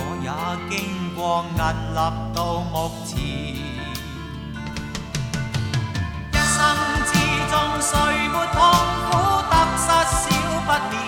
我也經過屹立到目前，一生之中誰沒痛苦得失少不免。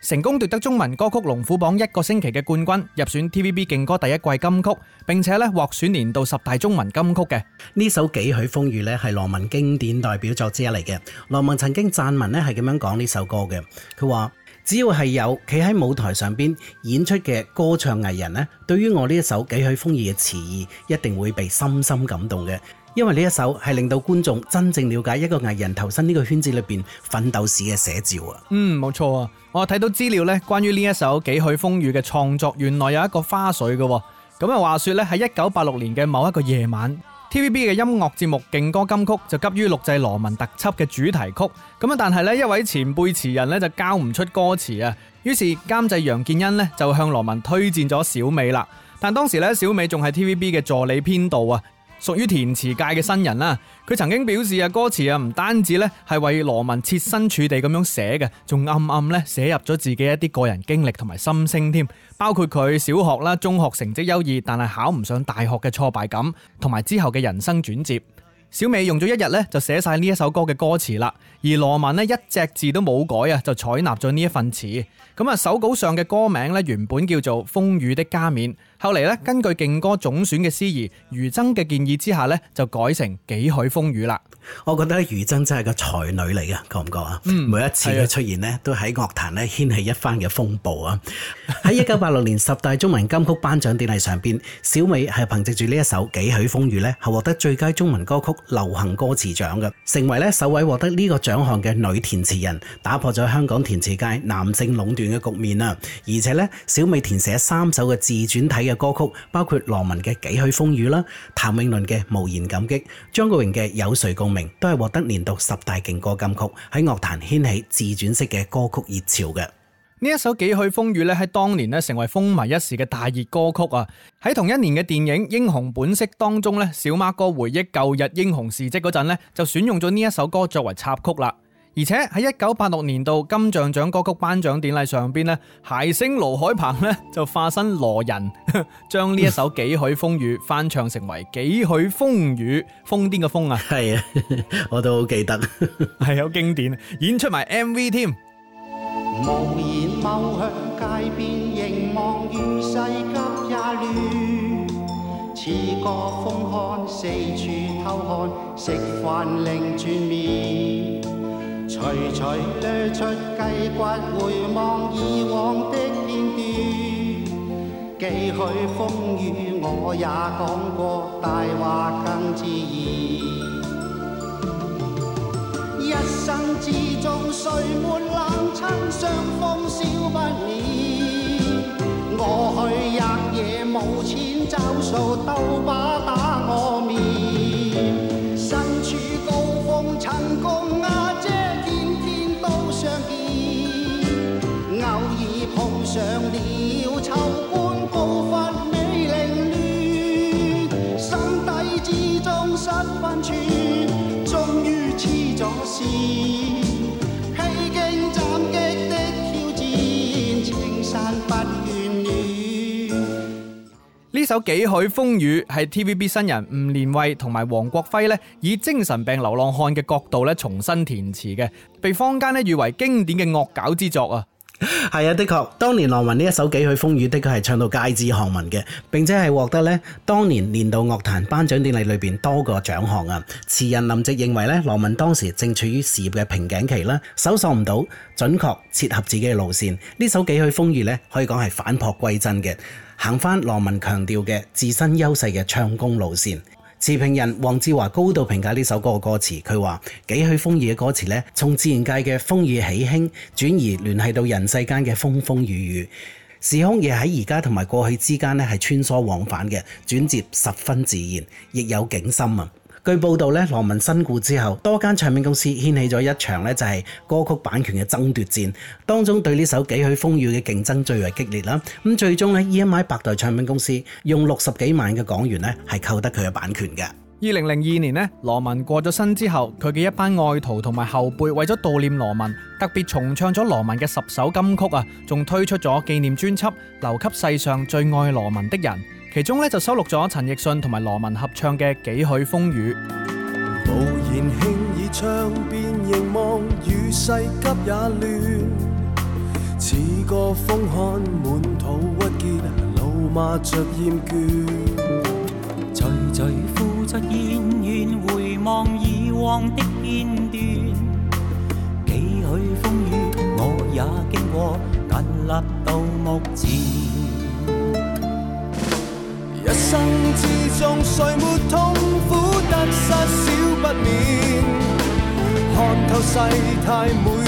成功奪得中文歌曲龍虎榜一個星期嘅冠軍，入選 TVB 勁歌第一季金曲，並且咧獲選年度十大中文金曲嘅呢首《幾許風雨》咧係羅文經典代表作之一嚟嘅。羅文曾經贊文咧係咁樣講呢首歌嘅，佢話只要係有企喺舞台上邊演出嘅歌唱藝人咧，對於我呢一首《幾許風雨》嘅詞意，一定會被深深感動嘅。因為呢一首係令到觀眾真正了解一個藝人投身呢個圈子裏邊奮鬥史嘅寫照啊。嗯，冇錯啊。我睇到資料呢，關於呢一首《幾許風雨》嘅創作，原來有一個花絮嘅。咁啊，話說咧，喺一九八六年嘅某一個夜晚，TVB 嘅音樂節目勁歌金曲就急於錄製羅文特輯嘅主題曲。咁啊，但係呢一位前輩詞人呢，就交唔出歌詞啊。於是監製楊建恩呢，就向羅文推薦咗小美啦。但當時呢，小美仲係 TVB 嘅助理編導啊。屬於填詞界嘅新人啦，佢曾經表示啊，歌詞啊唔單止咧係為羅文設身處地咁樣寫嘅，仲暗暗咧寫入咗自己一啲個人經歷同埋心聲添，包括佢小學啦、中學成績優異，但係考唔上大學嘅挫敗感，同埋之後嘅人生轉折。小美用咗一日咧就寫晒呢一首歌嘅歌詞啦，而羅文呢，一隻字都冇改啊，就採納咗呢一份詞。咁啊，手稿上嘅歌名咧原本叫做《風雨的加冕》。後嚟咧，根據勁歌總選嘅司儀余真嘅建議之下咧，就改成《幾許風雨》啦。我覺得余真真係個才女嚟嘅，覺唔覺啊？嗯、每一次嘅出現咧，的都喺樂壇咧掀起一番嘅風暴啊！喺一九八六年十大中文金曲頒獎典禮上邊，小美係憑借住呢一首《幾許風雨》咧，係獲得最佳中文歌曲流行歌詞獎嘅，成為咧首位獲得呢個獎項嘅女填詞人，打破咗香港填詞界男性壟斷嘅局面啊！而且咧，小美填寫三首嘅自傳體。嘅歌曲，包括羅文嘅《幾許風雨》啦、譚詠麟嘅《無言感激》、張國榮嘅《有誰共鳴》，都係獲得年度十大勁歌金曲，喺樂壇掀起自傳式嘅歌曲熱潮嘅。呢一首《幾許風雨》咧喺當年咧成為風靡一時嘅大熱歌曲啊！喺同一年嘅電影《英雄本色》當中咧，小馬哥回憶舊日英雄事跡嗰陣咧，就選用咗呢一首歌作為插曲啦。而且喺一九八六年度金像獎歌曲頒獎典禮上邊呢，諧星盧海鵬呢就化身羅人，將呢一首《幾許風雨》翻唱成為《幾許瘋語》，瘋癲嘅瘋啊！係啊，我都好記得，係好經典，演出埋 MV 添。徐徐捋出街角，回望以往的片段。幾許風雨我也講過大話更自然。一生之中誰沒冷親，傷風少不免。我去日夜無錢找數，斗把打我面。一首《幾許風雨》係 TVB 新人吳念衞同埋黃國輝咧，以精神病流浪漢嘅角度咧重新填詞嘅，被坊間咧譽為經典嘅惡搞之作啊！係啊，的確，當年羅文呢一首《幾許風雨》的確係唱到街知巷聞嘅，並且係獲得呢當年年度樂壇頒獎典禮裏邊多個獎項啊！詞人林夕認為呢，羅文當時正處於事業嘅瓶頸期啦，搜索唔到準確切合自己嘅路線，呢首《幾許風雨》呢可以講係反璞歸真嘅，行翻羅文強調嘅自身優勢嘅唱功路線。詞評人黃志華高度評價這首歌的歌詞，他說幾許風雨的歌詞咧，從自然界的風雨起興轉移聯繫到人世間的風風雨雨，時空亦在現在和過去之間是穿梭往返的，轉接十分自然，也有景深。據報道咧，羅文身故之後，多間唱片公司掀起咗一場咧就係歌曲版權嘅爭奪戰，當中對呢首《幾許風雨》嘅競爭最為激烈啦。咁最終咧，EMI 百代唱片公司用六十幾萬嘅港元咧係購得佢嘅版權嘅。二零零二年咧，羅文過咗身之後，佢嘅一班愛徒同埋後輩為咗悼念羅文，特別重唱咗羅文嘅十首金曲啊，仲推出咗紀念專輯，留給世上最愛羅文的人。其中呢就收錄咗陳奕迅同埋羅文合唱嘅《幾許風雨》。一生之中，誰沒痛苦？得失少不免，看透世態。每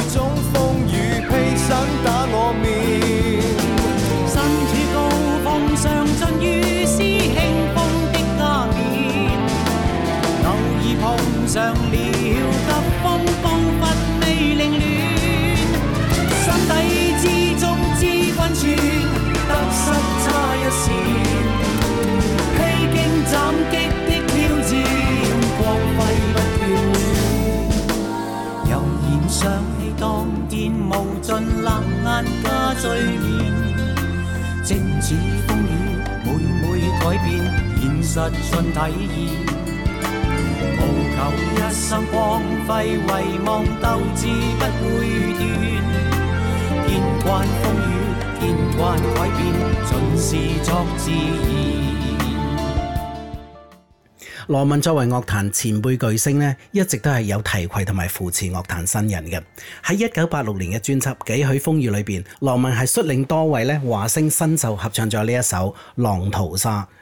實信體已，無求一生光輝，唯望鬥志不會斷。見慣風雨，見慣改變，盡是作自然。羅文作為樂壇前輩巨星咧，一直都係有提攜同埋扶持樂壇新人嘅。喺一九八六年嘅專輯《幾許風雨》裏邊，羅文係率領多位咧華星新秀合唱咗呢一首《浪淘沙》。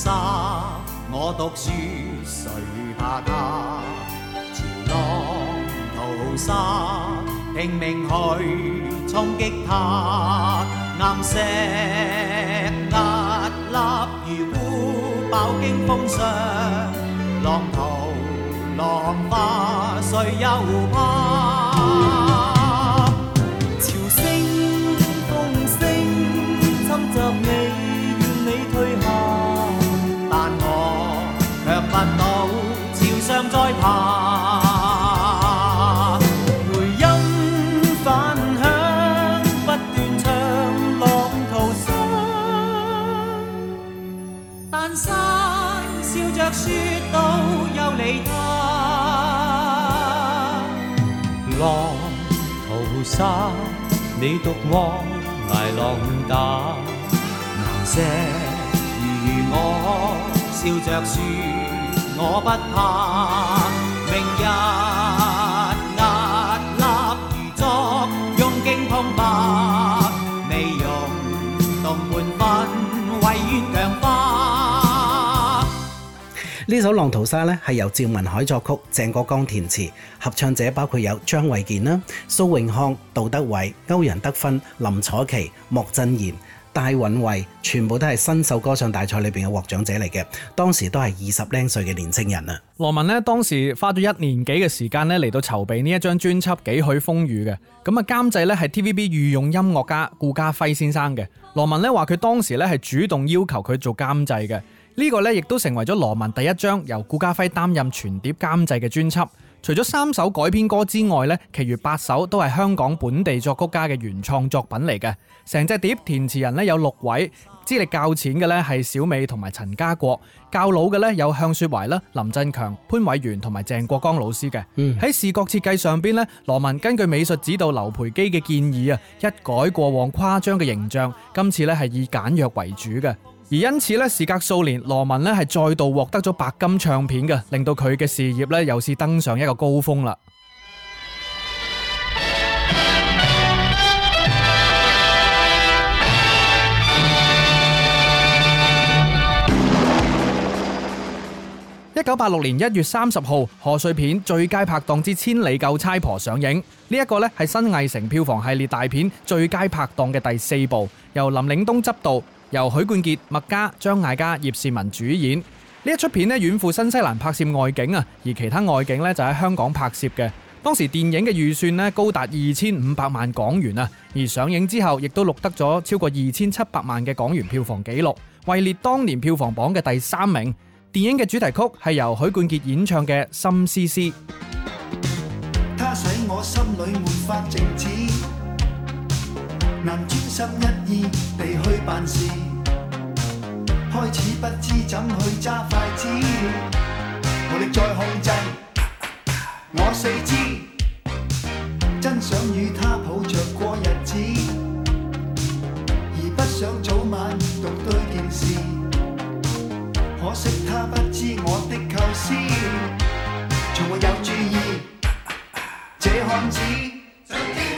沙，我讀書誰怕他潮浪淘沙，拼命去衝擊他岩石屹立如孤堡，飽經風霜，浪淘浪花，誰又怕？你獨我挨浪打，難捨如我笑着說，我不怕，明日。呢首《浪淘沙》咧，係由趙文海作曲、鄭國江填詞，合唱者包括有張衛健啦、蘇永康、杜德偉、歐陽德勳、林楚琪、莫振賢、戴蘊慧，全部都係新秀歌唱大賽裏邊嘅獲獎者嚟嘅，當時都係二十零歲嘅年青人啊！羅文呢，當時花咗一年幾嘅時間咧嚟到籌備呢一張專輯《幾許風雨》嘅，咁啊監製呢係 TVB 御用音樂家顧嘉輝先生嘅，羅文呢話佢當時呢係主動要求佢做監製嘅。這個呢個咧亦都成為咗羅文第一張由顧嘉輝擔任全碟監製嘅專輯。除咗三首改編歌之外咧，其餘八首都係香港本地作曲家嘅原創作品嚟嘅。成隻碟填詞人呢有六位，資歷較淺嘅咧係小美同埋陳家國，較老嘅咧有向雪懷啦、林振強、潘偉源同埋鄭國江老師嘅。喺、嗯、視覺設計上邊咧，羅文根據美術指導劉培基嘅建議啊，一改過往誇張嘅形象，今次咧係以簡約為主嘅。而因此呢事隔數年，羅文呢係再度獲得咗白金唱片嘅，令到佢嘅事業呢又是登上一個高峰啦。一九八六年一月三十號，賀歲片《最佳拍檔之千里救差婆》上映，呢一個呢係新藝城票房系列大片最佳拍檔嘅第四部，由林嶺東執導，由許冠傑、麥嘉、張艾嘉、葉倩文主演呢一齣片咧，遠赴新西蘭拍攝外景啊，而其他外景咧就喺香港拍攝嘅。當時電影嘅預算咧高達二千五百萬港元啊，而上映之後亦都錄得咗超過二千七百萬嘅港元票房紀錄，位列當年票房榜嘅第三名。電影嘅主題曲係由許冠傑演唱嘅《心思思》。難專心一意地去辦事，開始不知怎去揸筷子，無力再控制我四肢，真想與他抱着過日子，而不想早晚面對件事。可惜他不知我的構思，從沒有注意這漢子。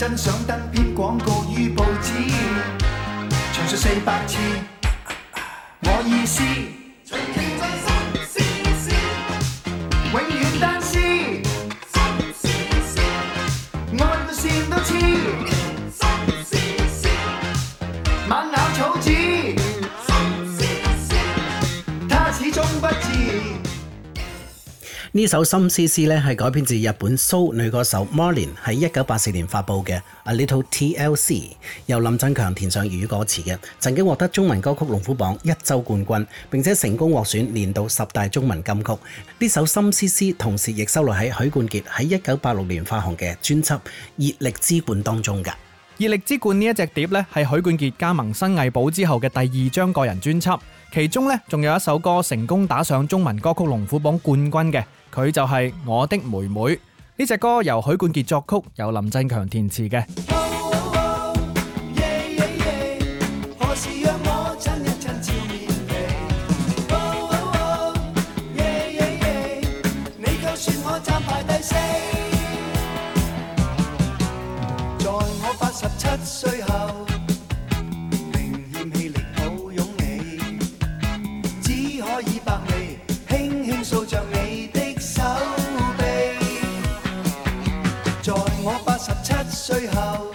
真想登篇廣告於報紙，詳述四百次，我意思。呢首《心思思》咧，係改編自日本蘇女歌手 Marlene 喺一九八四年發佈嘅《A Little TLC》，由林振強填上粵語歌詞嘅，曾經獲得中文歌曲龍虎榜一周冠軍，並且成功獲選年度十大中文金曲。呢首《心思思》同時亦收錄喺許冠傑喺一九八六年發行嘅專輯《熱力之冠》當中嘅。《熱力之冠》呢一隻碟咧，係許冠傑加盟新藝寶之後嘅第二張個人專輯，其中咧仲有一首歌成功打上中文歌曲龍虎榜冠軍嘅。佢就係我的妹妹呢隻歌，由許冠傑作曲，由林振強填詞嘅。最後，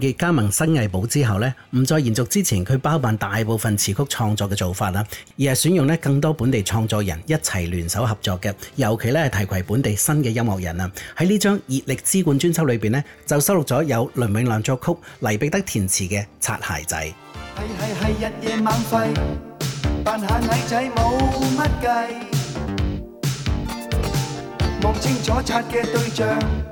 結加盟新藝寶之後呢，唔再延續之前佢包辦大部分詞曲創作嘅做法啦，而係選用呢更多本地創作人一齊聯手合作嘅，尤其呢係提攜本地新嘅音樂人啊！喺呢張《熱力之冠》專輯裏邊呢，就收錄咗有倫永亮作曲、黎彼得填詞嘅《擦鞋仔》。日夜晚扮下仔冇乜嘅對象。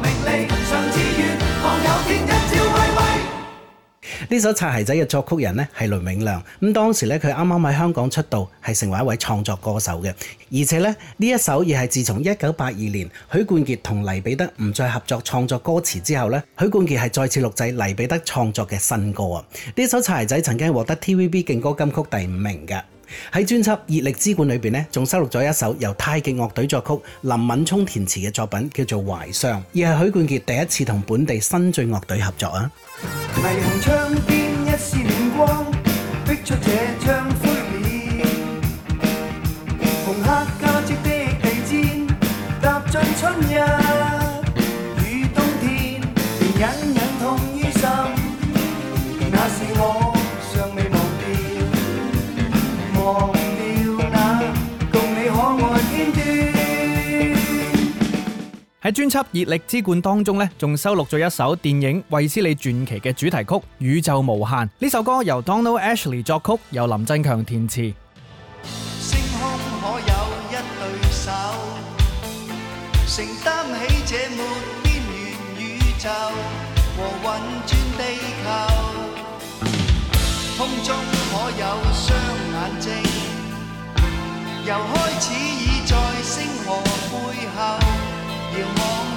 命令上望有天一朝，呢首《擦鞋仔》嘅作曲人呢，係倫永亮，咁當時咧佢啱啱喺香港出道，係成為一位創作歌手嘅，而且呢，呢一首亦係自從一九八二年許冠傑同黎彼得唔再合作創作歌詞之後呢，許冠傑係再次錄製黎彼得創作嘅新歌啊！呢首《擦鞋仔》曾經係獲得 TVB 勁歌金曲第五名嘅。喺專輯《熱力之冠》裏邊咧，仲收錄咗一首由太極樂隊作曲、林敏聰填詞嘅作品，叫做《懷傷》，而係許冠傑第一次同本地新晉樂隊合作啊！迷喺專輯《熱力之冠》當中呢，仲收錄咗一首電影《衛斯理傳奇》嘅主題曲《宇宙無限》。呢首歌由 Donald Ashley 作曲，由林振強填詞。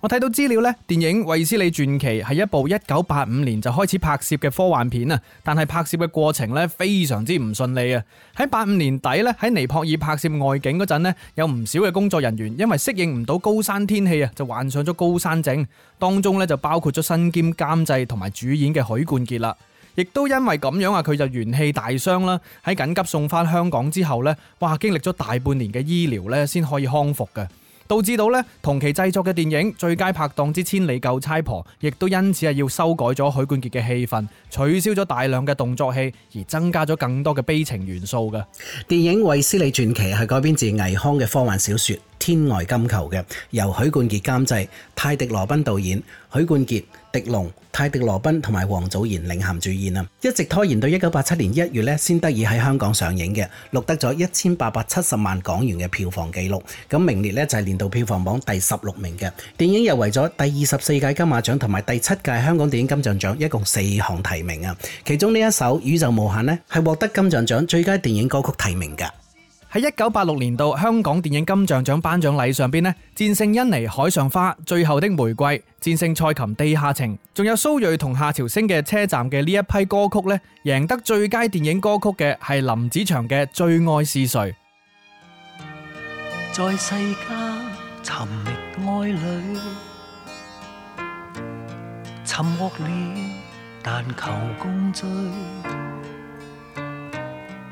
我睇到資料呢，電影《衛斯理傳奇》係一部1985年就開始拍攝嘅科幻片啊，但係拍攝嘅過程呢，非常之唔順利啊！喺85年底咧，喺尼泊爾拍攝外景嗰陣呢，有唔少嘅工作人員因為適應唔到高山天氣啊，就患上咗高山症，當中呢，就包括咗身兼監製同埋主演嘅許冠傑啦，亦都因為咁樣啊，佢就元氣大傷啦。喺緊急送翻香港之後呢，哇，經歷咗大半年嘅醫療呢，先可以康復嘅。導致到同期製作嘅電影最佳拍檔之千里救差婆，亦都因此要修改咗許冠傑嘅戲份，取消咗大量嘅動作戲，而增加咗更多嘅悲情元素嘅電影《衛斯理傳奇》係改編自倪匡嘅科幻小說《天外金球》嘅，由許冠傑監製，泰迪羅賓導演，許冠傑。狄龍、泰迪羅賓同埋王祖賢領銜主演啊，一直拖延到一九八七年一月咧，先得以喺香港上映嘅，錄得咗一千八百七十萬港元嘅票房紀錄，咁名列咧就係年度票房榜第十六名嘅電影，又為咗第二十四屆金馬獎同埋第七屆香港電影金像獎一共四項提名啊，其中呢一首《宇宙無限》呢係獲得金像獎最佳電影歌曲提名噶。喺一九八六年度香港電影金像獎頒獎禮上邊呢，戰勝《甄妮》《海上花》《最後的玫瑰》，戰勝蔡琴《地下情》，仲有蘇芮同夏韶聲嘅《車站》嘅呢一批歌曲呢，贏得最佳電影歌曲嘅係林子祥嘅《最愛是誰》。在世間尋覓愛侶，尋獲了，但求共醉。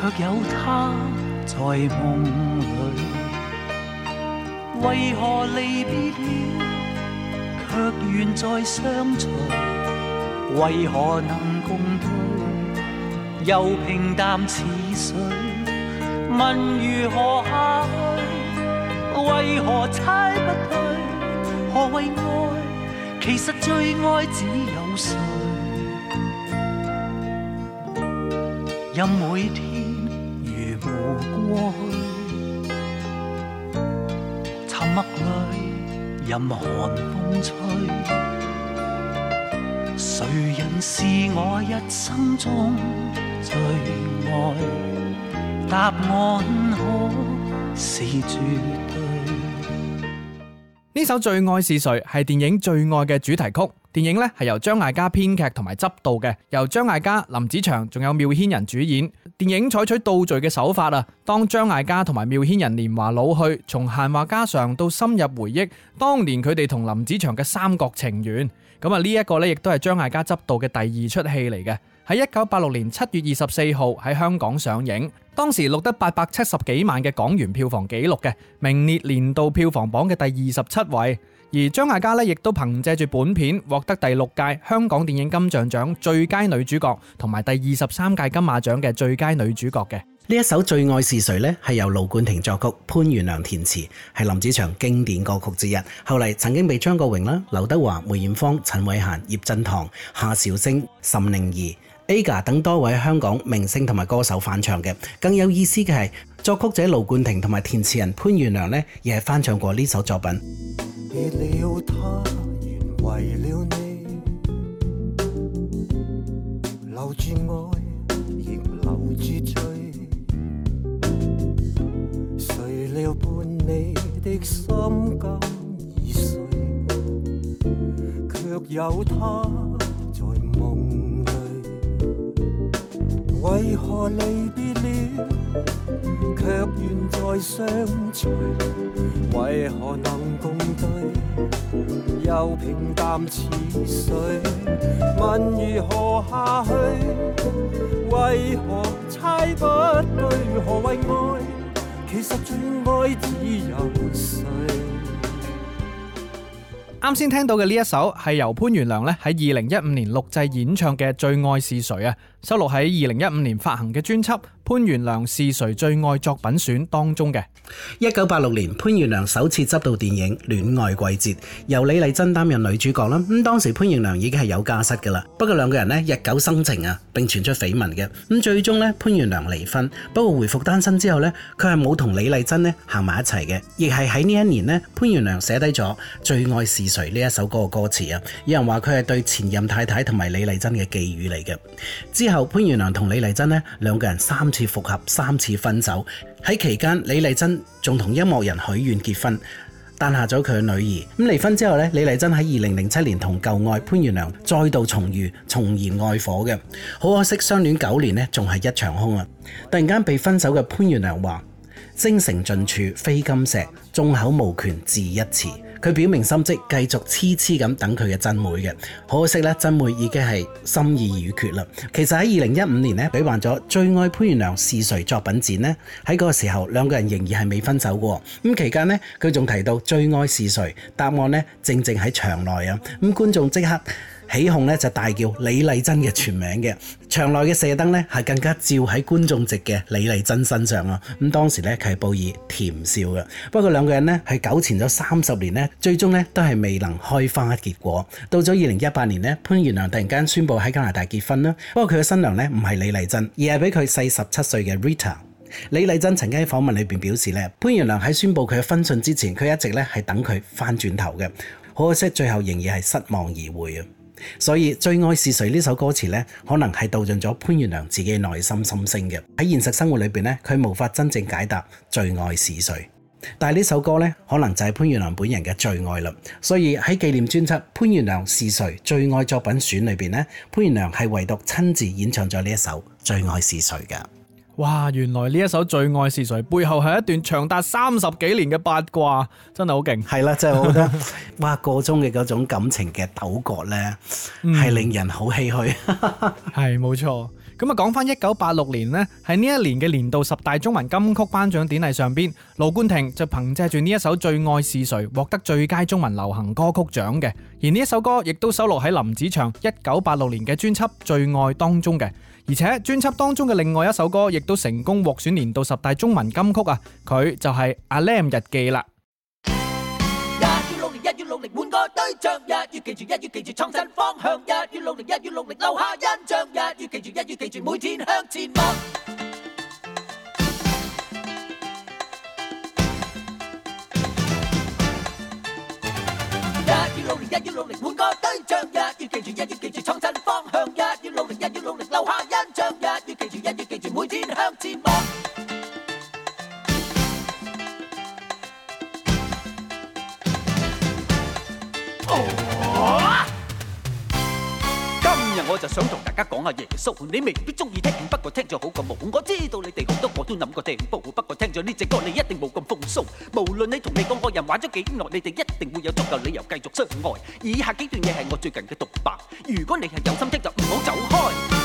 卻有他在夢裏，為何離別了，卻願再相隨？為何能共對，又平淡似水？問如何下去？為何猜不對？何謂愛？其實最愛只有誰？任每天。過去，沉默裏任寒風吹。誰人是我一生中最愛？答案可是絕。.呢首《最愛是誰》係電影《最愛》嘅主題曲，電影呢係由張艾嘉編劇同埋執導嘅，由張艾嘉、林子祥仲有繆騫人主演。電影採取倒敘嘅手法啊，當張艾嘉同埋繆騫人年華老去，從閒話家常到深入回憶當年佢哋同林子祥嘅三角情緣。咁啊呢一個呢亦都係張艾嘉執導嘅第二出戲嚟嘅。喺一九八六年七月二十四號喺香港上映，當時錄得八百七十幾萬嘅港元票房紀錄嘅，名列年度票房榜嘅第二十七位。而張艾嘉呢，亦都憑借住本片獲得第六屆香港電影金像獎最佳女主角同埋第二十三屆金馬獎嘅最佳女主角嘅。呢一首《最愛是誰》咧係由盧冠廷作曲、潘源良填詞，係林子祥經典歌曲之一。後嚟曾經被張國榮啦、劉德華、梅艷芳、陳慧嫻、葉振棠、夏韶聲、岑寧兒、Aga 等多位香港明星同埋歌手翻唱嘅，更有意思嘅係作曲者盧冠廷同埋填詞人潘源良咧，亦係翻唱過呢首作品。為何離別了，却願再相隨？為何能共對，又平淡似水？問如何下去？為何猜不對？何謂愛？其實最愛只有誰？啱先聽到嘅呢一首係由潘源良咧喺二零一五年錄製演唱嘅《最愛是誰》啊，收錄喺二零一五年發行嘅專輯。潘源良是誰最愛作品選當中嘅。一九八六年，潘源良首次執導電影《戀愛季節》，由李麗珍擔任女主角啦。咁當時潘源良已經係有家室噶啦，不過兩個人咧日久生情啊，並傳出緋聞嘅。咁最終呢，潘源良離婚，不過回復單身之後呢，佢係冇同李麗珍咧行埋一齊嘅，亦係喺呢一年呢，潘源良寫低咗《最愛是誰》呢一首歌嘅歌詞啊，有人話佢係對前任太太同埋李麗珍嘅寄語嚟嘅。之後潘源良同李麗珍呢，兩個人三復合三次分手，喺期間李麗珍仲同音樂人許願結婚，誕下咗佢嘅女兒。咁離婚之後呢，李麗珍喺二零零七年同舊愛潘源良再度重遇，重燃愛火嘅。好可惜，相戀九年呢，仲係一場空啊！突然間被分手嘅潘源良話：精誠盡處非金石，眾口無權字一詞。佢表明心跡，繼續黐黐咁等佢嘅珍妹嘅。可惜呢，珍妹已經係心意已決啦。其實喺二零一五年呢，舉辦咗《最愛潘源良是誰》作品展呢。喺嗰個時候，兩個人仍然係未分手過。咁期間呢，佢仲提到《最愛是誰》答案呢，正正喺場內啊。咁觀眾即刻起哄咧就大叫李麗珍嘅全名嘅，場內嘅射燈咧係更加照喺觀眾席嘅李麗珍身上啊！咁當時咧佢係報以甜笑嘅。不過兩個人咧係糾纏咗三十年咧，最終咧都係未能開花結果。到咗二零一八年咧，潘源良突然間宣布喺加拿大結婚啦。不過佢嘅新娘咧唔係李麗珍，而係俾佢細十七歲嘅 Rita。李麗珍曾經喺訪問裏邊表示咧，潘源良喺宣布佢嘅婚訊之前，佢一直咧係等佢翻轉頭嘅，可惜最後仍然係失望而回啊！所以《最愛是誰》呢首歌詞呢，可能係道盡咗潘源良自己內心心聲嘅。喺現實生活裏邊呢，佢無法真正解答最愛是誰，但係呢首歌呢，可能就係潘源良本人嘅最愛啦。所以喺紀念專輯《潘源良是誰最愛作品選》裏邊呢，潘源良係唯獨親自演唱咗呢一首《最愛是誰》嘅。哇！原來呢一首《最愛是誰》背後係一段長達三十幾年嘅八卦，真係好勁。係啦，真係我覺得， 哇！個中嘅嗰種感情嘅糾葛呢，係、嗯、令人好唏嘘。係 冇錯。咁啊，講翻一九八六年呢，喺呢一年嘅年度十大中文金曲頒獎典禮上邊，盧冠廷就憑借住呢一首《最愛是誰》獲得最佳中文流行歌曲獎嘅。而呢一首歌亦都收錄喺林子祥一九八六年嘅專輯《最愛》當中嘅。而且專輯當中嘅另外一首歌，亦都成功獲選年度十大中文金曲啊！佢就係《Ah Lam 日記》啦。講下耶穌，你未必中意聽聽，不過聽咗好過冇。我知道你哋好多我都諗過聽，不過聽咗呢隻歌，你一定冇咁風騷。無論你同你個愛人玩咗幾耐，你哋一定會有足夠理由繼續相愛。以下幾段嘢係我最近嘅獨白，如果你係有心聽就唔好走開。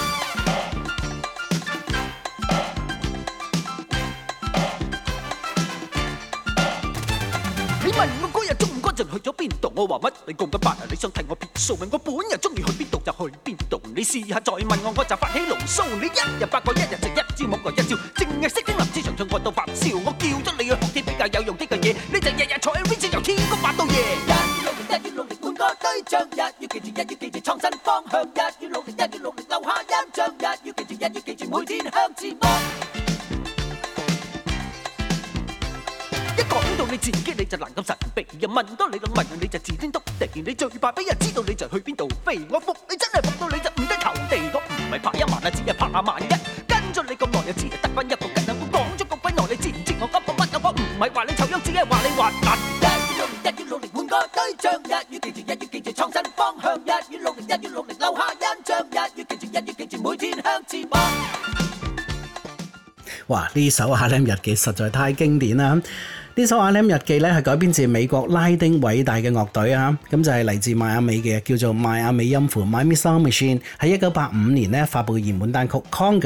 就去咗邊度？我話乜你講不白呀？你想替我辯？數明我本人中意去邊度就去邊度。你試下再問我，我就發起牢騷。你一日八個，一日就一朝五個，一朝淨係識聽林子祥唱，愛到發燒。我叫咗你去學啲比較有用啲嘅嘢，你就日日坐喺 V 字由天光發到夜。日日努力，日日努力，換個對象；日月記住，日月記住，創新方向；日日努力，日日努力，留下印象；日月記住，日月記住，每天向前望。你自己你就能夠神秘，人問到你咁問，你，了問你，了你就自尊篤地，你最怕俾人知道你就去邊度飛。我服你真係服到你就唔得頭地，我唔係拍一萬啊，只係拍萬一拍萬一。跟咗你咁耐又知得翻一部吉人，我講咗咁鬼耐，你知唔知我急過乜嘢？我唔係話你醜樣，只係話你滑癟。一於努力，一於努力，換個對象；一於記住，一於記住，創新方向；一於努力，一於努力，留下印象；一於記住，一於記住，每天向前望。哇！呢首 Ah Lam 日記實在太經典啦～呢首《阿 m 日記》咧係改編自美國拉丁偉大嘅樂隊啊，咁就係、是、嚟自邁阿美嘅，叫做邁阿美音符 m y m i s s i l e Machine），喺一九八五年咧發布嘅熱門單曲《Conger》，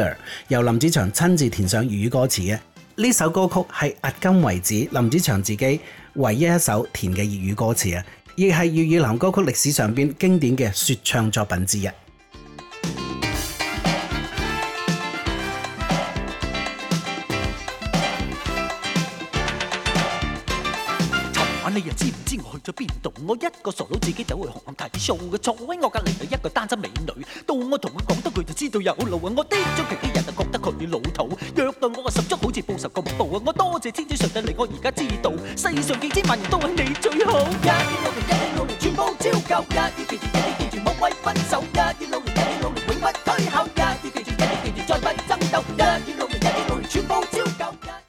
由林子祥親自填上粵語歌詞嘅。呢首歌曲係壓根為止林子祥自己唯一一首填嘅粵語歌詞啊，亦係粵語流歌曲歷史上邊經典嘅説唱作品之一。邊度？我一個傻佬自己走去紅磡睇啲 show 嘅，坐喺我隔離係一個單身美女，到我同佢講多句就知道有路啊！我啲咗窮啲人就覺得佢老土，約到我啊十足好似報仇咁報啊！我多謝天主上帝，令我而家知道，世上幾千萬人都係你最好。一,一,一日努力，一日努力，全部照舊。一日堅持，一日堅持，冇畏分手；一日努力，日日努力，永不退後。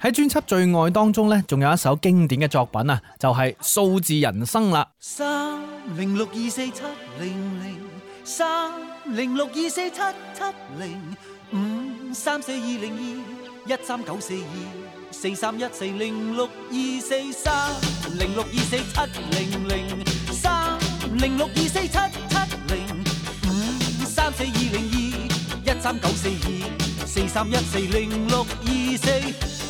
喺專輯最愛當中呢，仲有一首經典嘅作品啊，就係數字人生啦。三零六二四七零零三零六二四七七零五三四二零二一三九四二四三一四零六二四三零六二四七零零三零六二四七七零五三四二零二一三九四二四三一四零六二四。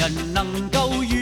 人能夠遇。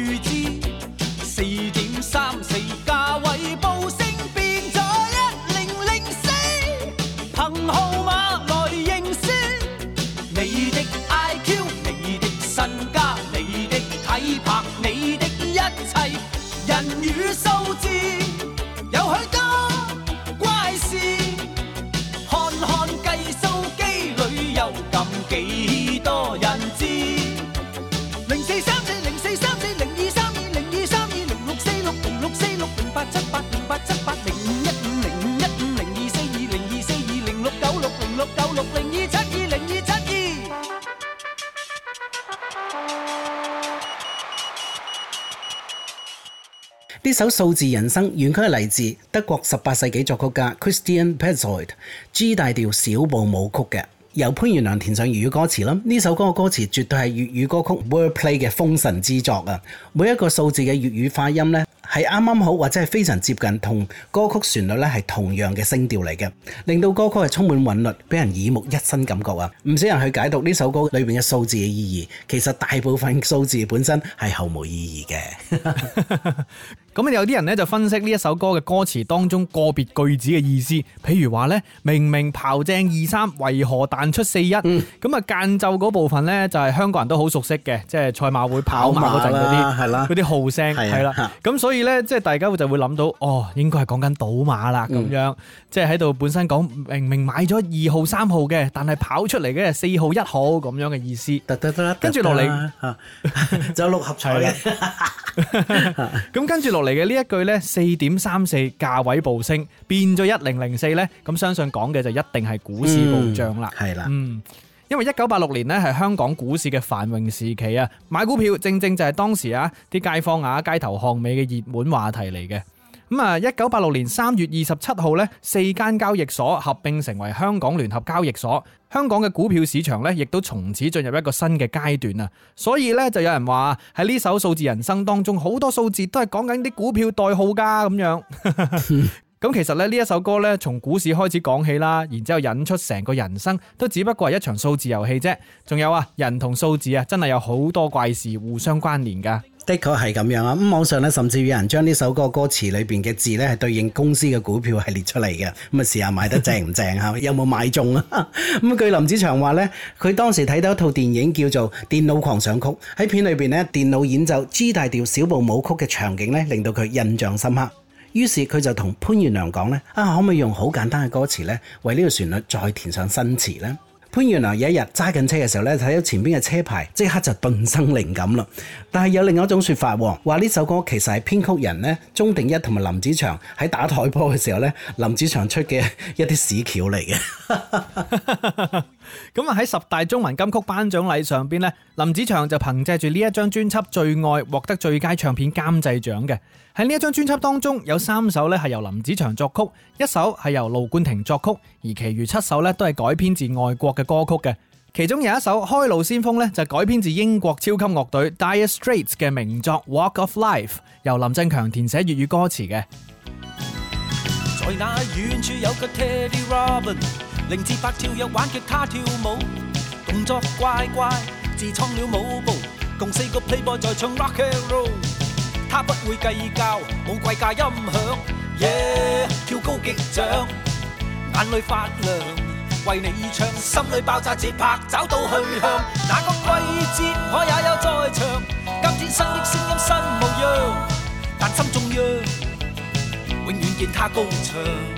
首數字人生，原曲係嚟自德國十八世紀作曲家 Christian Petzold G 大調小步舞曲嘅，由潘源良填上粵語歌詞啦。呢首歌嘅歌詞絕對係粵語歌曲 Wordplay 嘅封神之作啊！每一個數字嘅粵語發音呢，係啱啱好或者係非常接近同歌曲旋律呢係同樣嘅聲調嚟嘅，令到歌曲係充滿韻律，俾人耳目一新感覺啊！唔少人去解讀呢首歌裏面嘅數字嘅意義，其實大部分數字本身係毫無意義嘅。 咁有啲人咧就分析呢一首歌嘅歌詞當中個別句子嘅意思，譬如話咧，明明刨正二三，為何彈出四一？咁啊間奏嗰部分咧就係、是、香港人都好熟悉嘅，即係賽馬會跑馬陣陣嗰啲啲號聲係啦。咁所以咧即係大家就會諗到，哦應該係講緊賭馬啦咁、嗯、樣即係喺度本身講明明買咗二號三號嘅，但係跑出嚟嘅係四號一號咁樣嘅意思。跟住落嚟，就、啊啊、 六合彩嘅。咁跟住落嚟。嚟嘅呢一句呢，四點三四價位暴升，變咗一零零四呢。咁相信講嘅就一定係股市暴漲啦。係啦、嗯，嗯，因為一九八六年呢，係香港股市嘅繁榮時期啊，買股票正正就係當時啊啲街坊啊街頭巷尾嘅熱門話題嚟嘅。咁啊！一九八六年三月二十七號咧，四間交易所合併成為香港聯合交易所，香港嘅股票市場咧，亦都從此進入一個新嘅階段啊！所以呢，就有人話喺呢首數字人生當中，好多數字都係講緊啲股票代號噶咁樣。咁 其實咧，呢一首歌呢，從股市開始講起啦，然之後引出成個人生，都只不過係一場數字遊戲啫。仲有啊，人同數字啊，真係有好多怪事互相關聯噶。的確係咁樣啊！咁網上咧，甚至有人將呢首歌歌詞裏邊嘅字咧，係對應公司嘅股票係列出嚟嘅。咁啊，試下買得正唔正嚇？ 有冇買中啊？咁啊，據林子祥話咧，佢當時睇到一套電影叫做《電腦狂想曲》，喺片裏邊咧，電腦演奏 G 大調小步舞曲嘅場景咧，令到佢印象深刻。於是佢就同潘源良講咧：啊，可唔可以用好簡單嘅歌詞咧，為呢個旋律再填上新詞咧？潘源良，原來有一日揸緊車嘅時候咧，睇到前邊嘅車牌，即刻就頓生靈感啦。但係有另外一種説法，話呢首歌其實係編曲人咧，鍾定一同埋林子祥喺打台波嘅時候咧，林子祥出嘅一啲屎橋嚟嘅。 咁啊喺十大中文金曲頒獎禮上邊咧，林子祥就憑借住呢一張專輯《最愛》獲得最佳唱片監製獎嘅。喺呢一張專輯當中，有三首咧，係由林子祥作曲，一首係由盧冠廷作曲，而其餘七首咧，都係改編自外國嘅歌曲嘅。其中有一首《開路先鋒》咧，就改編自英國超級樂隊 Dire Straits 嘅名作《Walk of Life》，由林振強填寫粵語歌詞嘅。在那零至八跳躍，玩結他跳舞，動作乖乖，自創了舞步。共四個 Playboy 在唱 Rock and Roll，他不會計較，冇貴價音響，Yeah 跳高極獎，眼淚發亮，為你唱，心裏爆炸節拍，找到去向。哪個季節我也有在場，今天新的聲音新模樣，但心中央，永遠見他高唱。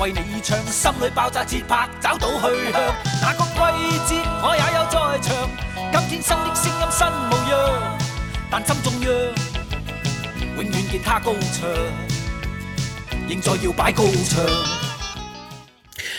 為你唱，心裏爆炸節拍，找到去向。那個季節我也有在場。今天新的聲音，新模樣。但心中央，永遠見他高唱，仍在搖擺高唱。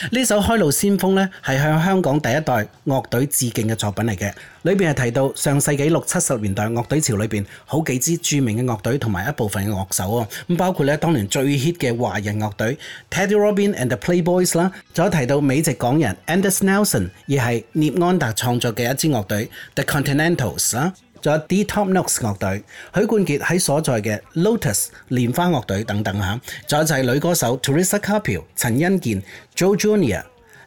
呢首開路先鋒咧，係向香港第一代樂隊致敬嘅作品嚟嘅。裏面係提到上世紀六七十年代樂隊潮裏面好幾支著名嘅樂隊同埋一部分嘅樂手喎。咁包括咧當年最 hit 嘅華人樂隊 Teddy Robin and the Playboys 啦，仲有提到美籍港人 Anders Nelson，亦係聶安達創作嘅一支樂隊 The Continentals 啦。仲有 D Top Knox 樂隊，許冠傑喺所在嘅 Lotus 蓮花樂隊等等下，再就係女歌手 Teresa Carpio、陳欣健、Joe Junior、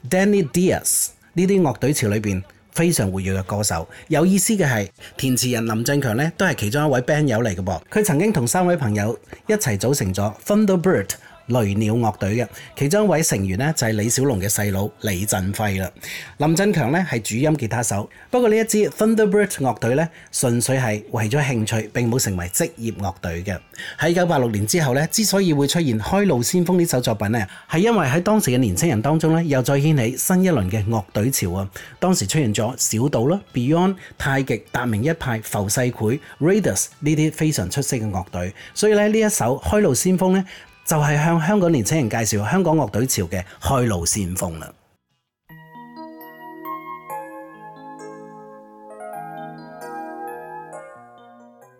Danny Diaz 呢啲樂隊潮裏面非常活躍嘅歌手。有意思嘅係，填詞人林振強呢都係其中一位 band 友嚟嘅噃，佢曾經同三位朋友一齊組成咗 Thunderbird 雷鳥樂隊嘅其中一位成員咧就係李小龍嘅細佬李振輝啦。林振強咧係主音吉他手。不過呢一支 Thunderbird 樂隊咧純粹係為咗興趣，並冇成為職業樂隊嘅。喺一九八六年之後咧，之所以會出現《開路先鋒》呢首作品咧，係因為喺當時嘅年輕人當中咧又再掀起新一輪嘅樂隊潮啊。當時出現咗小島啦、Beyond 太、太極、達明一派、浮世繪、Raiders 呢啲非常出色嘅樂隊，所以咧呢一首《開路先鋒》咧，就係向香港年輕人介紹香港樂隊潮嘅開路先鋒啦！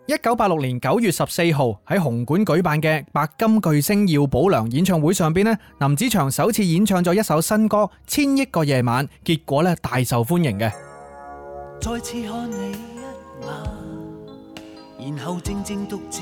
一九八六年九月十四號喺紅館舉辦嘅白金巨星耀保良演唱會上邊咧，林子祥首次演唱咗一首新歌《千億個夜晚》，結果咧大受歡迎嘅。再次看你一眼，然後靜靜獨自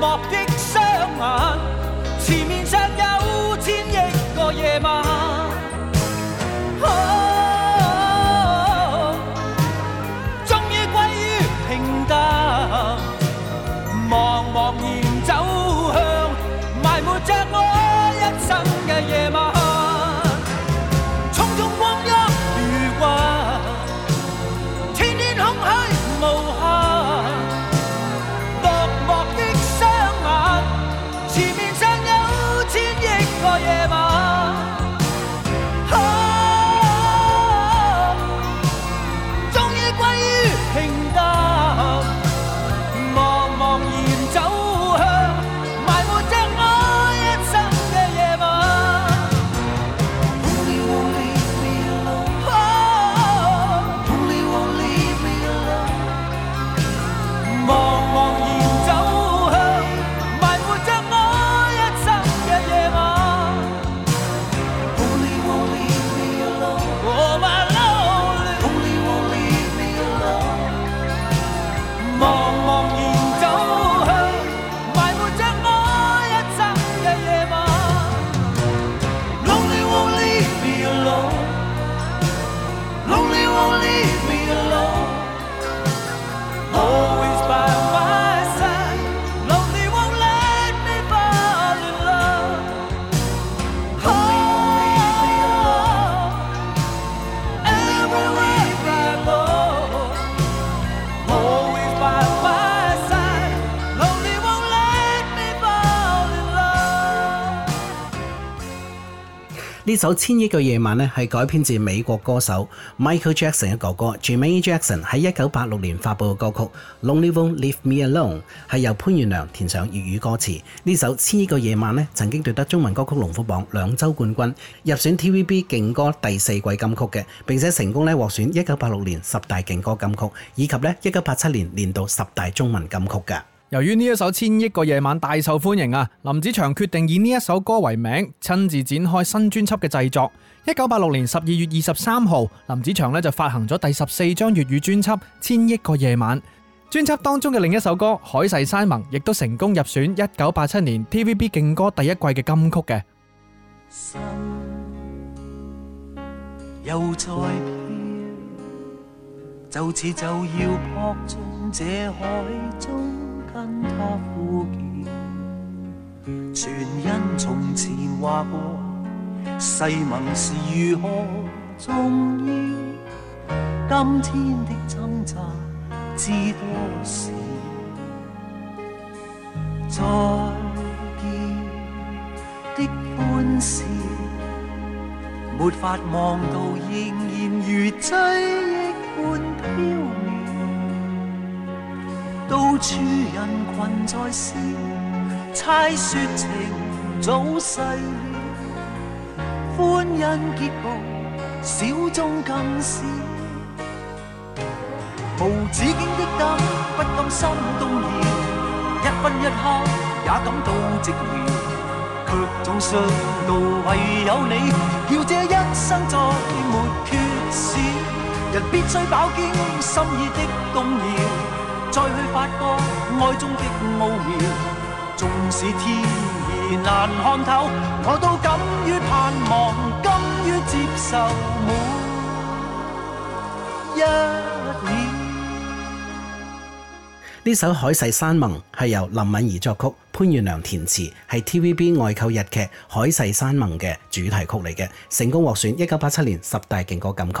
漠的雙眼，前面尚有千億個夜晚。呢首千億個夜晚咧，係改編自美國歌手 Michael Jackson 嘅哥哥 Jermaine Jackson 喺一九八六年發布嘅歌曲《Lonely Won't Leave Me Alone》，係由潘源良填上粵語歌詞。呢首千億個夜晚咧，曾經奪得中文歌曲龍虎榜兩周冠軍，入選 TVB 勁歌第四季金曲嘅，並且成功咧獲選一九八六年十大勁歌金曲，以及咧一九八七年年度十大中文金曲㗎。由於呢一首千億個夜晚大受歡迎啊，林子祥決定以呢一首歌為名，親自展開新專輯嘅製作。一九八六年十二月二十三號，林子祥呢就發行咗第十四張粵語專輯《千億個夜晚》。專輯當中嘅另一首歌《海誓山盟》亦都成功入選一九八七年 TVB 勁歌第一季嘅金曲嘅。心又再飄就似就要撲進這海中。」跟他呼叫，全因從前話過誓盟是如何重要，今天的掙扎知多少。再見的歡笑，沒法望到，仍然如追憶般飄。到處人群在笑，猜說情早逝了。歡欣結局笑中更笑。無止境的等，不甘心動搖，一分一刻也感到寂寥。卻總想到唯有你，要這一生再沒缺少。人必須飽經心意的動搖。再去發覺愛中的奧妙，縱使天意難看透，我都敢於盼望，敢於接受每一秒。呢首《海誓山盟》係由林敏怡作曲，潘源良填詞，係 TVB 外購日劇《海誓山盟》嘅主題曲嚟嘅，成功獲選一九八七年十大勁歌金曲。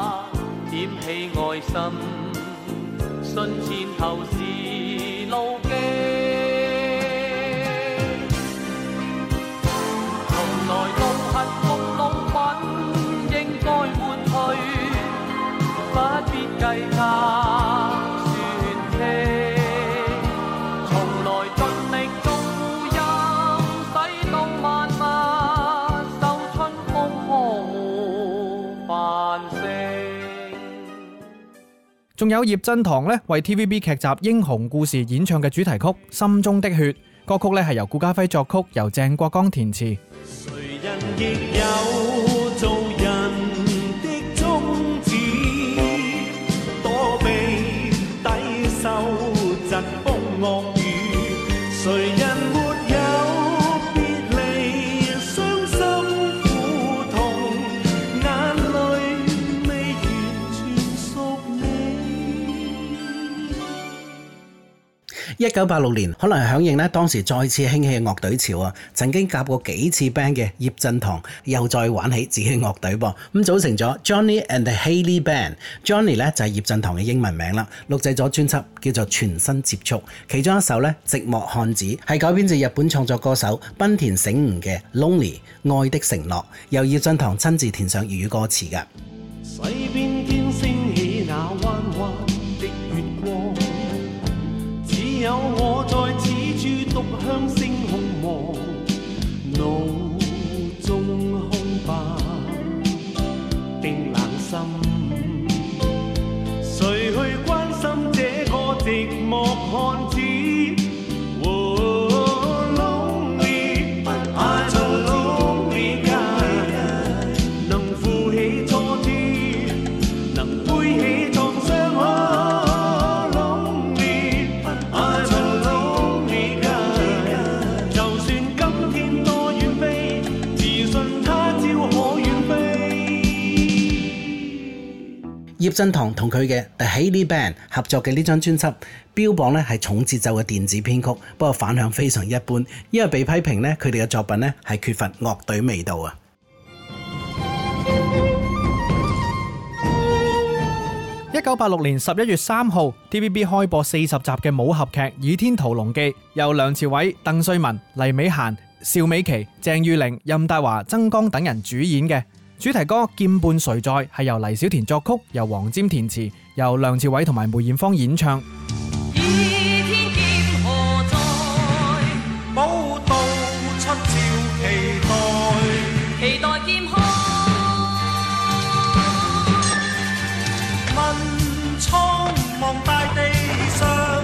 點起愛心，信前頭是路徑。仲有葉振棠咧為 TVB 劇集《英雄故事》演唱嘅主題曲《心中的血》，歌曲咧係由顧嘉輝作曲，由鄭國江填詞。一九八六年，可能係響應咧當時再次興起嘅樂隊潮啊，曾經夾過幾次 band 嘅葉振棠又再玩起自己嘅樂隊噃，咁，組成咗 Johnny and Halley Band。Johnny 咧就係葉振棠嘅英文名啦。錄製咗專輯叫做《全新接觸》，其中一首咧，《寂寞漢子》係改編自日本創作歌手濱田省吾嘅《Lonely 愛的承諾》，由葉振棠親自填上粵語歌詞嘅。寂寞看。振棠同佢嘅 The Halley Band 合作嘅呢張專輯，標榜咧係重節奏嘅電子編曲，不過反響非常一般，因為被批評呢佢哋嘅作品呢係缺乏樂隊味道啊！一九八六年十一月三號，TVB 開播四十集嘅武俠劇《倚天屠龍記》，由梁朝偉、鄧萃雯、黎美嫻、邵美琪、鄭裕玲、任達華、曾江等人主演嘅。主題歌《劍伴誰在》係由黎小田作曲，由黃沾填詞，由梁朝偉同埋梅艷芳演唱。倚天劍何在？寶刀出鞘期待，期待劍開。問蒼茫大地上，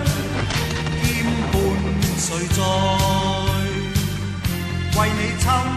劍伴誰在？為你秋。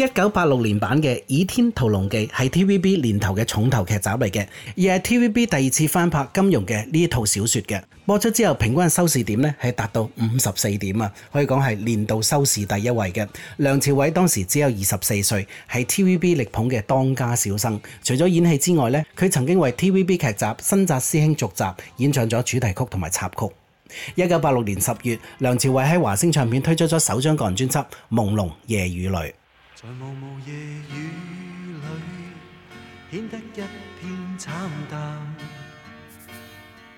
一九八六年版嘅《倚天屠龍記》係 T V B 年頭嘅重頭劇集嚟嘅，而係 T V B 第二次翻拍金庸嘅呢一套小說嘅。播出之後平均收視點咧係達到五十四點啊，可以講係年度收視第一位嘅。梁朝偉當時只有二十四歲，係 T V B 力捧嘅當家小生。除咗演戲之外咧，佢曾經為 T V B 劇集《新紮師兄》續集演唱咗主題曲同埋插曲。一九八六年十月，梁朝偉喺華星唱片推出咗首張個人專輯《朦朧夜雨裡》。在朦朧夜雨裏，顯得一片慘淡。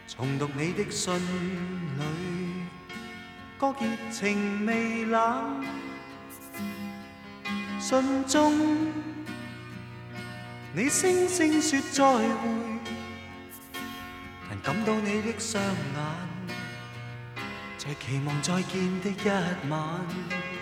重讀你的信裏，覺熱情未冷。信中你聲聲說再會，但感到你的雙眼，在期望再見的一晚。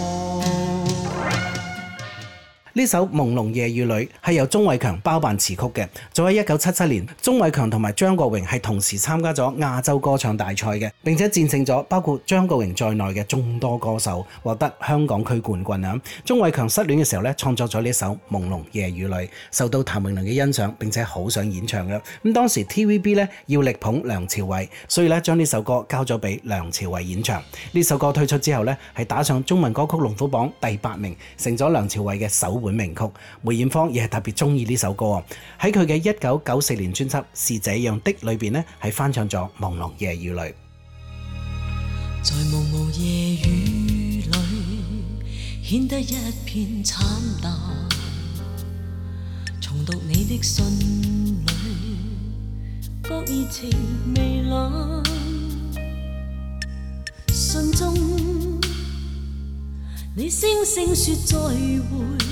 呢首《朦朧夜雨裏》係由鍾偉強包辦詞曲嘅。早喺一九七七年，鍾偉強同埋張國榮係同時參加咗亞洲歌唱大賽嘅，並且戰勝咗包括張國榮在內嘅眾多歌手，獲得香港區冠軍啊！鍾偉強失戀嘅時候咧，創作咗呢首《朦朧夜雨裏》，受到譚詠麟嘅欣賞，並且好想演唱嘅。咁當時 TVB 咧要力捧梁朝偉，所以咧將呢首歌交咗俾梁朝偉演唱。呢首歌推出之後咧，係打上中文歌曲龍虎榜第八名，成咗梁朝偉嘅首歌本名曲，梅艷芳亦係特別中意呢首歌，喺佢嘅一九九四年專輯《是這樣的》裏邊呢係翻唱咗《朦朧夜雨裏》。在茫茫夜雨裏，顯得一片慘淡。重讀你的信裏，覺熱情未冷。信中你聲聲説再會。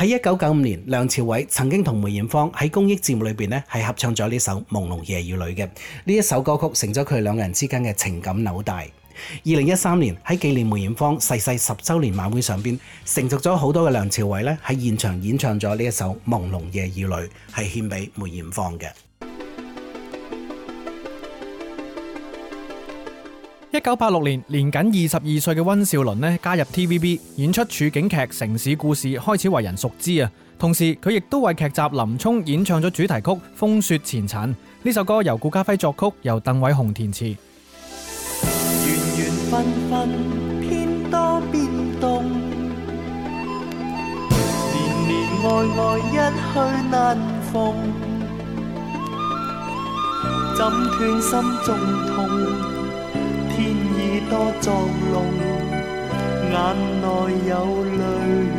喺一九九五年，梁朝偉曾經同梅艷芳喺公益節目裏邊咧，係合唱咗呢首《朦朧夜雨裏》嘅。呢一首歌曲成咗佢哋兩個人之間嘅情感紐帶。二零一三年喺紀念梅艷芳逝世十周年晚會上邊，成熟咗好多嘅梁朝偉咧喺現場演唱咗呢一首《朦朧夜雨裏》係獻俾梅艷芳嘅。一九八六年，年僅二十二歲嘅温兆倫呢加入 TVB，演出處境劇《城市故事》，開始為人熟知啊！同時佢亦都為劇集《林沖》演唱咗主題曲《風雪前塵》。呢首歌由顧嘉輝作曲，由鄧偉雄填詞。緣緣分分偏多變動，年年愛愛一去難逢，怎斷心中痛？天意多作弄，眼內有淚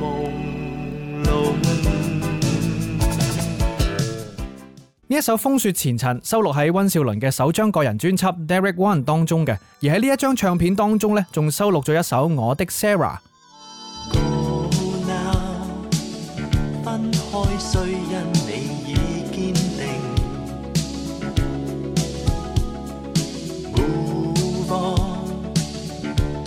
朦朧，呢一首《風雪前塵》收錄喺温兆倫嘅首張個人專輯《Derek One》當中嘅，而喺呢一張唱片當中呢，仲收錄咗一首《我的 Sara》。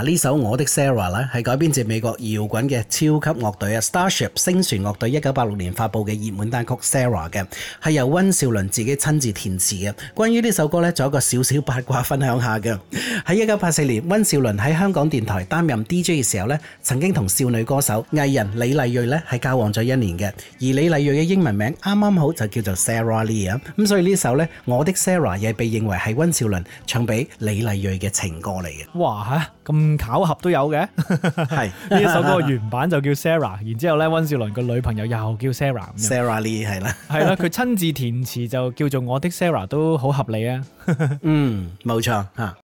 嗱，呢首《我的 Sara》咧，係改編自美國搖滾嘅超級樂隊啊，《Starship 星船樂隊》一九八六年發佈嘅熱門單曲《Sarah》嘅，係由温兆倫自己親自填詞嘅。關於呢首歌咧，做一個少少八卦分享下嘅。喺一九八四年，温兆倫喺香港電台擔任 D J 嘅時候咧，曾經同少女歌手藝人李麗蕊咧係交往咗一年嘅。而李麗蕊嘅英文名啱啱好就叫做 Sarah Lee 啊，咁所以呢首咧《我的 Sara》亦被認為係温兆倫唱俾李麗蕊嘅情歌嚟嘅。哇吓！咁巧合都有嘅，係呢一首歌原版就叫 Sarah，然之後咧溫兆倫個女朋友又叫 Sarah，Sarah Sarah Lee 係啦，係 啦，佢親自填詞就叫做我的 Sarah 都好合理啊， 嗯，冇錯嚇。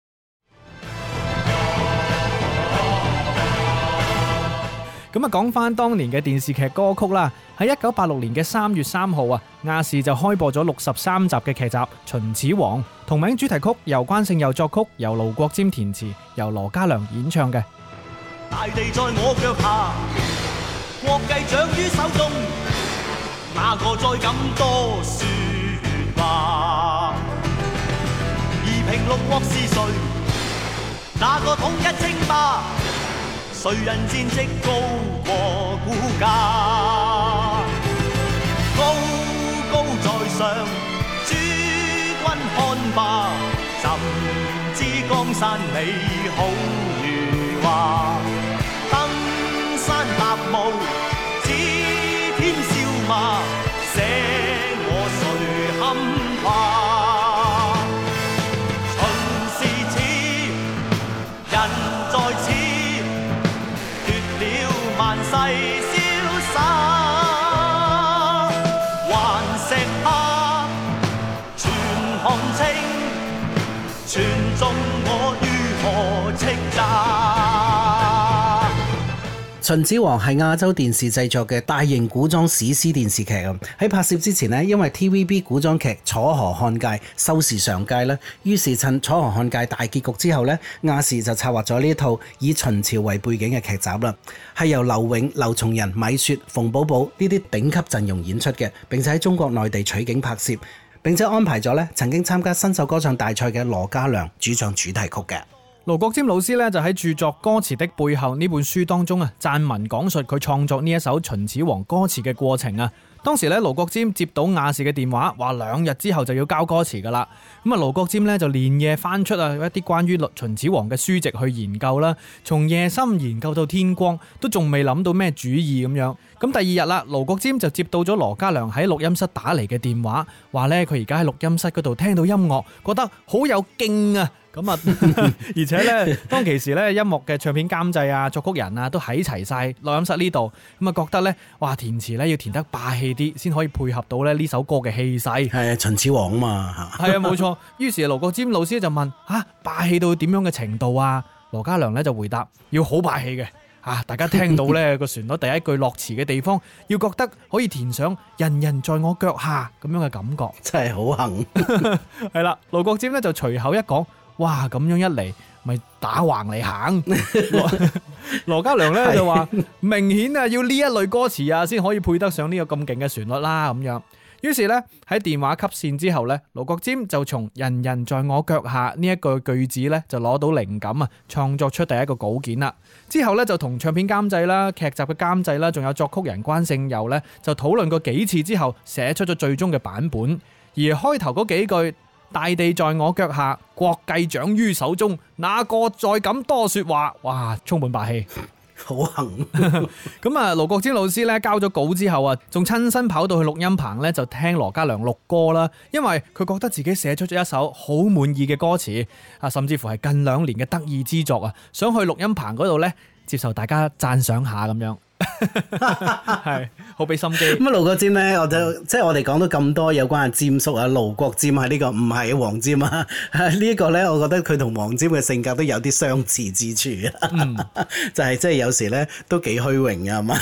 咁啊，講返當年嘅電視劇歌曲啦，喺一九八六年嘅三月三號啊，亞視就開播咗六十三集嘅劇集《秦始皇》，同名主題曲由關聖佑作曲，由盧國沾填詞，由羅嘉良演唱嘅。大地在我腳下，國計掌於手中，哪個再敢多説話？夷平六國是誰？哪個統一稱霸？誰人戰績高過孤家？高高在上，諸君看吧，怎知江山美好如畫？《秦始皇》係亞洲電視製作嘅大型古裝史詩電視劇。喺拍攝之前，因為 TVB 古裝劇《楚河漢界》收視上佳，於是趁《楚河漢界》大結局之後咧，亞視就策劃咗呢一套以秦朝為背景嘅劇集啦。係由劉永、劉松仁、米雪、馮寶寶呢啲頂級陣容演出嘅，並且喺中國內地取景拍攝，並且安排咗曾經參加新秀歌唱大賽嘅羅嘉良主唱主題曲嘅。盧國沾老師咧就喺著作歌詞的背後呢本書當中啊，撰文講述佢創作呢一首《秦始皇》歌詞嘅過程啊。當時咧，盧國沾接到亞視嘅電話，話兩日之後就要交歌詞噶啦。咁啊，盧國沾咧就連夜翻出啊一啲關於《秦始皇》嘅書籍去研究啦，從夜深研究到天光，都仲未諗到咩主意咁樣。咁第二日啦，盧國沾就接到咗羅嘉良喺錄音室打嚟嘅電話，話咧佢而家喺錄音室嗰度聽到音樂，覺得好有勁啊！咁啊， 而且咧，當其時咧，音樂嘅唱片監製啊、作曲人啊，都喺齊晒錄音室呢度，咁啊，覺得咧，哇，填詞咧要填得霸氣啲，先可以配合到咧呢首歌嘅氣勢。係秦始皇啊嘛，係啊， 冇錯。於是盧國尖老師就問：啊，霸氣到點樣嘅程度啊？羅嘉良咧就回答：要好霸氣嘅，啊，大家聽到咧 個旋律第一句落詞嘅地方，要覺得可以填上人人在我腳下咁樣嘅感覺。真係好幸。係啦， 盧國尖咧就隨口一講。哇，咁樣一嚟，咪打橫嚟行走。羅嘉 良咧就話，明顯啊要呢一類歌詞啊，先可以配得上呢個咁勁嘅旋律啦、啊。咁樣，於是咧喺電話吸線之後咧，盧國沾就從人人在我腳下呢一句句子咧，就攞到靈感啊，創作出第一個稿件啦。之後咧就同唱片監製啦、劇集嘅監製啦，仲有作曲人關聖佑咧，就討論過幾次之後，寫出咗最終嘅版本。而開頭嗰幾句。大地在我腳下，國計掌於手中，哪個再敢多說話？哇！充滿霸氣， 好行！咁啊，盧國沾老師咧交咗稿之後啊，仲親身跑到去錄音棚咧，就聽羅嘉良錄歌啦，因為佢覺得自己寫出咗一首好滿意嘅歌詞啊，甚至乎係近兩年嘅得意之作啊，想去錄音棚嗰度咧接受大家讚賞下咁樣。係，好俾 心機。咁啊、嗯，盧國沾咧，我就即係我哋講到咁多有關阿沾叔啊，盧國沾係呢個唔係黃沾啊，呢一個咧，我覺得佢同黃沾嘅性格都有啲相似之處，就係即係有時咧都幾虛榮嘅，係嘛，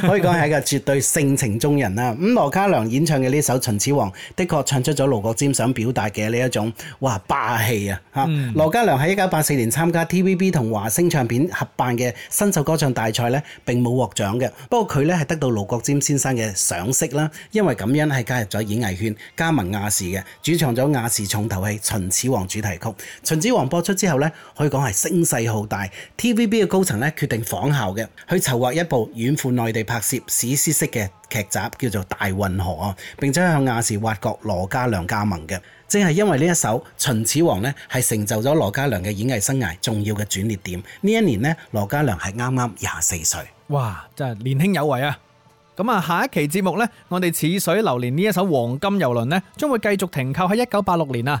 可以講係一個絕對性情中人啊。咁羅嘉良演唱嘅呢首《秦始皇》，的確唱出咗盧國沾想表達嘅呢一種哇霸氣啊！吓、嗯，羅嘉良喺一九八四年參加 TVB 同華星唱片合辦嘅新秀歌唱大賽咧，並冇。獲獎嘅，不過佢咧係得到盧國沾先生嘅賞識啦，因為咁樣係加入咗演藝圈，加盟亞視嘅，主唱咗亞視重頭戲《秦始皇》主題曲。《秦始皇》播出之後咧，可以講係聲勢浩大，TVB 嘅高層咧決定仿效嘅，去籌劃一部遠赴內地拍攝史詩式嘅劇集，叫做《大運河》啊，並且向亞視挖掘羅嘉良加盟嘅。正係因為呢一首《秦始皇》呢咧，係成就咗羅嘉良嘅演藝生涯重要嘅轉捩點。呢一年咧，羅嘉良係啱啱廿四歲。哇！真係年輕有為啊！咁啊，下一期節目呢，我哋《似水流年》呢一艘《黃金郵輪》呢，將會繼續停靠喺一九八六年啊！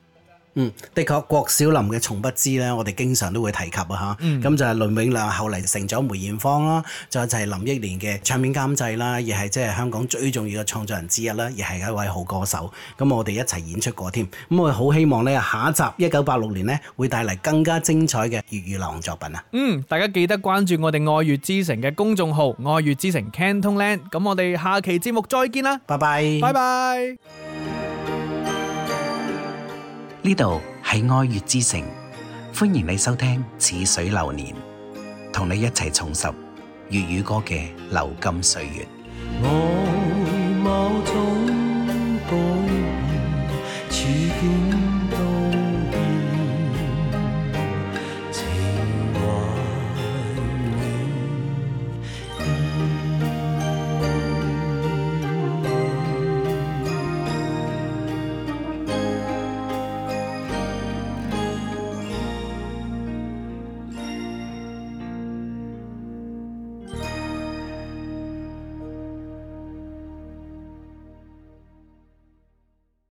嗯，的確，郭小霖嘅從不知呢，我哋經常都會提及啊嚇。咁、嗯、就係倫永亮後嚟成咗梅艷芳啦，再就係林憶蓮嘅唱片監製啦，亦係即係香港最重要嘅創作人之一啦，亦係一位好歌手。咁我哋一齊演出過添。咁我好希望呢下一集一九八六年呢，會帶嚟更加精彩嘅粵語流行作品啊！嗯，大家記得關注我哋愛粵之城嘅公眾號愛粵之城 Cantonland。咁我哋下期節目再見啦！拜拜 bye！拜拜！呢度係愛粵之城，歡迎你收聽《似水流年》，同你一齊重拾粵語歌嘅流金歲月。